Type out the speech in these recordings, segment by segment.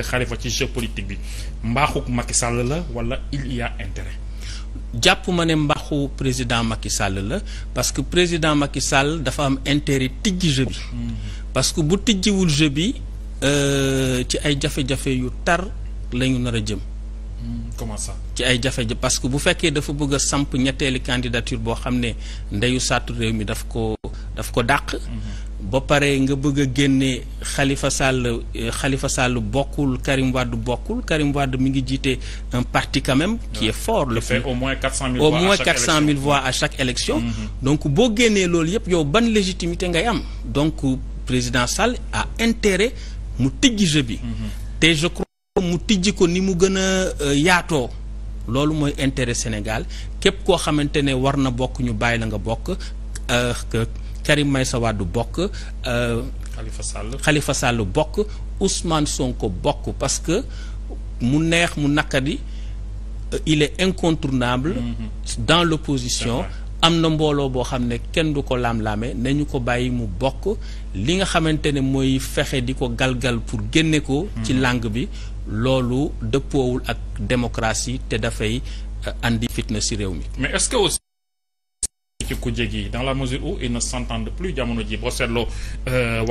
Khalifa ci jeu politique bi mbaaxu Macky Sall la wala il y a jàpp ma ne mbaaxu président Macky Sall la parce que président Macky Sall dafa am intérêt tijji bi. parce que bu tijjiwul jeu bi euh, ci ay jafe-jafe yu tar la ñu nar a jëm. comment ci ay jafe-jafe parce que bu fekkee dafa bëgg a samp ñetteeli candidature boo xam ne ndeyu sàttu réew mi daf ko daf ko dàq. ba pare nga bëgg a génne xalifa Sall xalifa euh, Sall bokkul Karim Wade bokkul Karim Wade mi ngi jiite un parti que même. ki est fort le fait au moins quatre cent mille voix moins quatre cent mille voix à chaque élection mm-hmm. donc boo génnee loolu yëpp yow ban légitimité ngay am donc président Sall a intérêt mu tijji bi. Mm-hmm. te je crois mu tijji ko ni mu gën a euh, yaatoo. loolu mooy intéret Sénégal képp koo xamante ne war na bokk ñu bàyyi la nga bokk. Euh, Karim Meïssa Wade bokk. Euh, Khalifa Sall Khalifa Sall bokk Ousmane Sonko bokk parce que mu neex mu nakadi euh, il est incontournable. Mm-hmm. dans position am na mbooloo boo xam ne kenn du ko laam-laame nañu ko bàyyi mu bokk li nga xamante ne mooy fexe di ko galgal pour génne ko. ci mm-hmm. langue bi loolu dëppoowul ak démocratie te dafay euh, andi fitna ci réew mi. ci kuje gi dans la mesure où ils ne s'entendent plus jamono ji boo seetloo euh,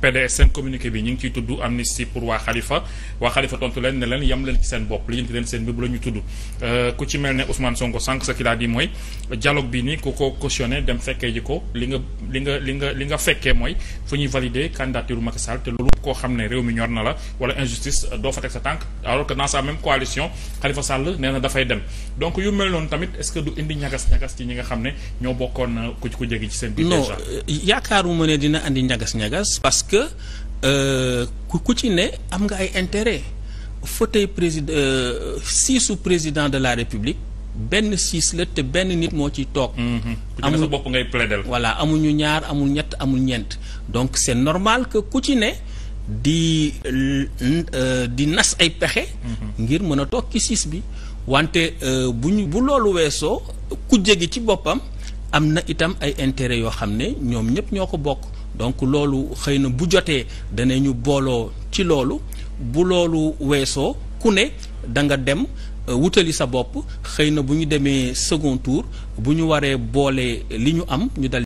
PDS seen communiqué bi ñu ngi ciy tudd amnistie pour waa Khalifa waa Khalifa tontu leen ne leen yam leen ci seen bopp li jënti leen seen bi bu la ñu tudd euh, ku ci mel ne Ousmane Sonko sànq ce qu'il a dit mooy dialogue bi nii ku ko cautionné dem fekkee ji ko li nga li nga li nga li nga fekkee mooy fu ñuy valider candidature Macky Sall te loolu koo xam ne réew mi ñor na la wala injustice doo fa teg sa tànk alors que dans même coalition Khalifa Sall nee na dafay dem donc yu mel noonu tamit est-ce que du indi ñagas-ñagas nga xam ne ñoo bokkoon ku ku jéggi ci seen biir déjà non euh, yaakaaruma ne que euh, ku ci ne am nga ay intérêt fauteuil président euh, siisu président de la république benn siis la te benn nit moo mm-hmm. ci toog. amul sa bopp voilà amuñu ñaar amul ñett amul ñeent donc c'est normal que ku ci ne di euh, di nas ay pexe. Mm-hmm. ngir mën a toog ci siis bi wante bu ñu bu loolu weesoo kujje gi ci boppam am na itam ay intérêt yoo xam ne ñoom ñëpp ñoo ko bokk. donc loolu xëy na bu jotee danañu booloo ci loolu bu loolu weesoo ku ne da nga dem euh, wutali sa bopp xëy na bu ñu demee second tour bu ñu waree boolee li ñu am ñu dal